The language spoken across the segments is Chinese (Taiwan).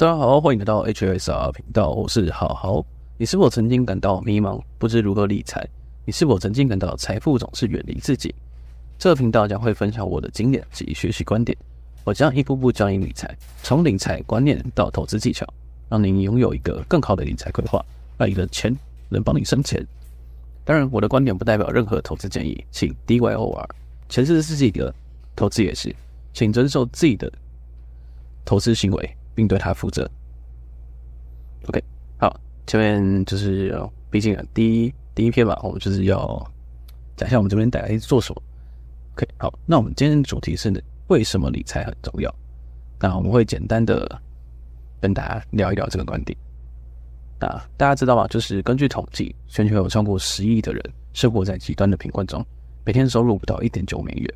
大家好，歡迎來到 H S R 頻道，我是豪豪。你是否曾經感到迷茫，不知如何理財？你是否曾經感到財富總是遠離自己？這個頻道將會分享我的經驗及學習觀點，我將一步步教你理財，從理財觀念到投資技巧，讓您擁有一個更好的理財規劃，讓你的錢能幫你生錢。當然，我的觀點不代表任何投資建議，請 D Y O R，錢是自己的，投資也是，請遵守自己的投資行為。並對他負責。OK，好，前面就是哦，畢竟第一第一篇嘛，我們就是要講一下我們這邊帶來做什麼。OK，好，那我們今天的主題是為什麼理財很重要。那我們會簡單的跟大家聊一聊這個觀點。那大家知道嗎？就是根據統計，全球有超過十億的人生活在極端的貧困中，每天收入不到一點九美元。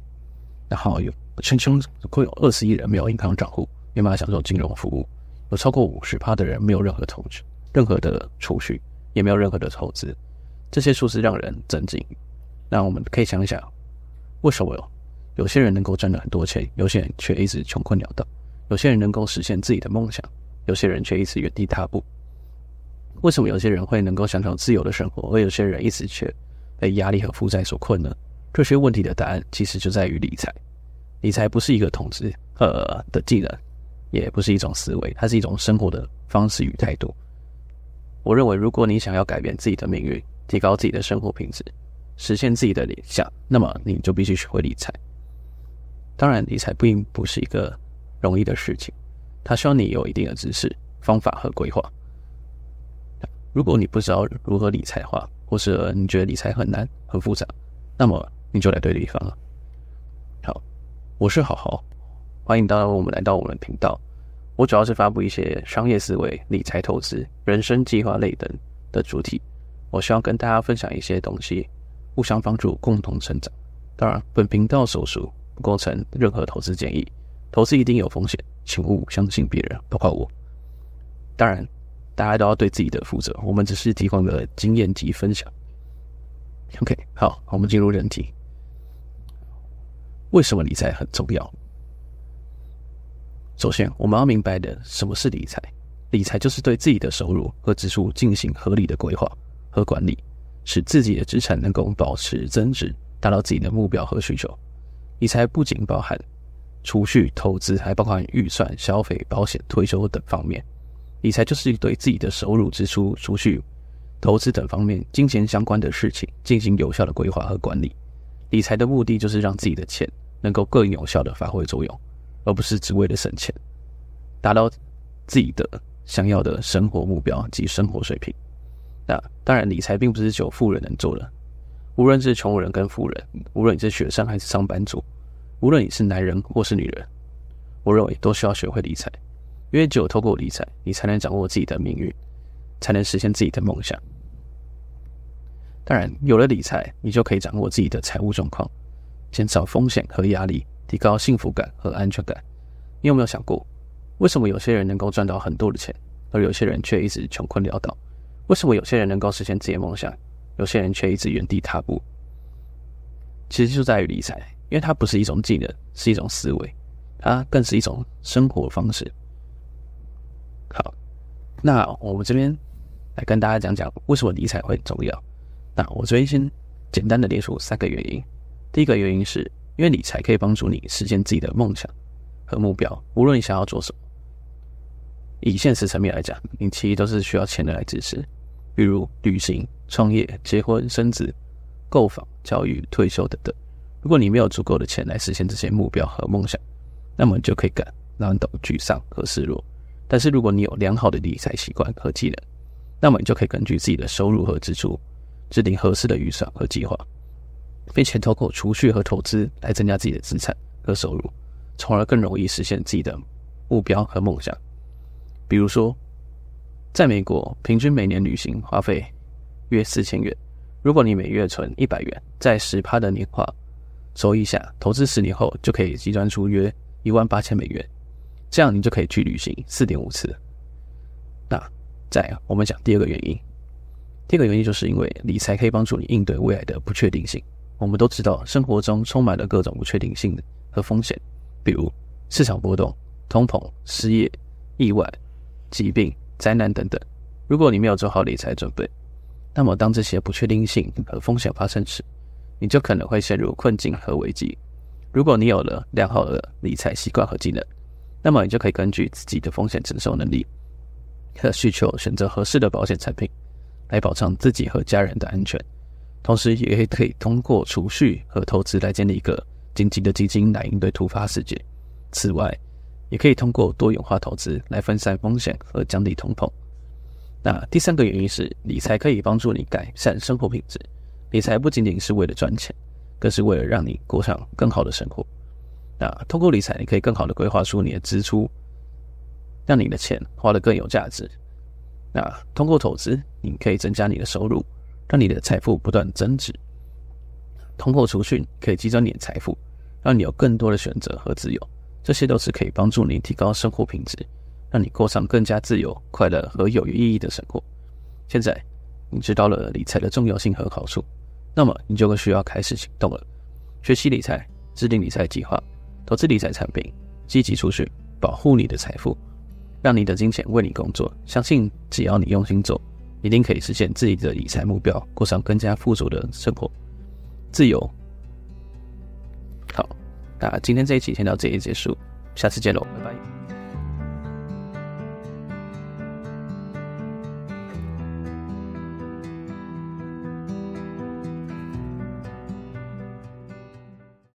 然後有全球總共有二十億人沒有銀行賬戶。沒法享受金融服務，有超過五十趴的人沒有任何投資、任何的儲蓄，也沒有任何的投資。這些數字讓人震驚。那我們可以想一想，為什麼有，有些人能夠賺到很多錢，有些人卻一直窮困潦倒？有些人能夠實現自己的夢想，有些人卻一直原地踏步？為什麼有些人會能夠享受自由的生活，而有些人一直卻被壓力和負債所困呢？這些問題的答案其實就在於理財。理財不是一個投資呃的技能。也不是一種思維，它是一種生活的方式與態度。我認為，如果你想要改變自己的命運，提高自己的生活品質，實現自己的理想，那麼你就必須學會理財。當然，理財並不是一個容易的事情，它需要你有一定的知識、方法和規劃。如果你不知道如何理財的話，或者、呃、你覺得理財很難、很複雜，那麼你就來對地方了。好，我是豪豪，歡迎大家我們來到我們頻道。我主要是發布一些商業思維、理財投資、人生計劃類等的主題，我希望跟大家分享一些東西，互相幫助，共同成長。當然，本頻道所述不構成任何投資建議，投資一定有風險，請勿相信別人，包括我。當然，大家都要對自己的負責，我們只是提供個經驗及分享。OK，好，我們進入正題，為什麼理財很重要？首先，我們要明白的什麼是理財？理財就是對自己的收入和支出進行合理的規劃和管理，使自己的資產能夠保持增值，達到自己的目標和需求。理財不僅包含儲蓄、投資，還包括預算、消費、保險、退休等方面。理財就是對自己的收入、支出、儲蓄、投資等方面金錢相關的事情進行有效的規劃和管理。理財的目的就是讓自己的錢能夠更有效地發揮作用。而不是只為了省錢，達到自己的想要的生活目標及生活水平。那當然，理財並不是只有富人能做的。無論是窮人跟富人，無論你是學生還是上班族，無論你是男人或是女人，我認為都需要學會理財，因為只有透過理財，你才能掌握自己的命運，才能實現自己的夢想。當然，有了理財，你就可以掌握自己的財務狀況，減少風險和壓力，提高幸福感和安全感。你有沒有想過，為什麼有些人能夠賺到很多的錢，而有些人卻一直窮困潦倒？為什麼有些人能夠實現自己的夢想，有些人卻一直原地踏步？其實就在於理財，因為它不是一種技能，是一種思維，它更是一種生活方式。好，那我們這邊來跟大家講講為什麼理財會很重要。那我這邊先簡單的列出三個原因。第一個原因是。因為理財可以幫助你實現自己的夢想和目標，無論你想要做什麼。以現實層面來講，你其實都是需要錢的來支持，比如旅行、創業、結婚、生子、購房、教育、退休等等。如果你沒有足夠的錢來實現這些目標和夢想，那麼你就可以感到沮喪和失落。但是如果你有良好的理財習慣和技能，那麼你就可以根據自己的收入和支出，制定合適的預算和計劃。並且通過儲蓄和投資來增加自己的資產和收入，從而更容易實現自己的目標和夢想。比如說，在美國，平均每年旅行花費約四千元。如果你每月存一百元，在十趴的年化收益下，投資十年後就可以積攢出約一萬八千美元。這樣你就可以去旅行四點五次。那再我們講第二個原因，第二個原因就是因為理財可以幫助你應對未來的不確定性。我們都知道，生活中充滿了各種不確定性的和風險，比如市場波動、通膨、失業、意外、疾病、災難等等。如果你沒有做好理財準備，那麼當這些不確定性和風險發生時，你就可能會陷入困境和危機。如果你有了良好的理財習慣和技能，那麼你就可以根據自己的風險承受能力和需求，選擇合適的保險產品，來保障自己和家人的安全。同時，也可以通過儲蓄和投資來建立一個緊急的基金來應對突發事件。此外，也可以通過多元化投資來分散風險和降低通膨。那第三個原因是，理財可以幫助你改善生活品質。理財不僅僅是為了賺錢，更是為了讓你過上更好的生活。那通過理財，你可以更好地規劃出你的支出，讓你的錢花得更有價值。那通過投資，你可以增加你的收入。讓你的財富不斷增值，通過儲蓄可以積攢你的財富，讓你有更多的選擇和自由，這些都是可以幫助你提高生活品質，讓你過上更加自由、快樂和有意義的生活。現在你知道了理財的重要性和好處，那麼你就會需要開始行動了：學習理財、制定理財計劃、投資理財產品、積極儲蓄、保護你的財富，讓你的金錢為你工作。相信只要你用心做。一定可以實現自己的理財目標，過上更加富足的生活，自由。好，那今天這一期先到這裡結束，下次見嘍，拜拜。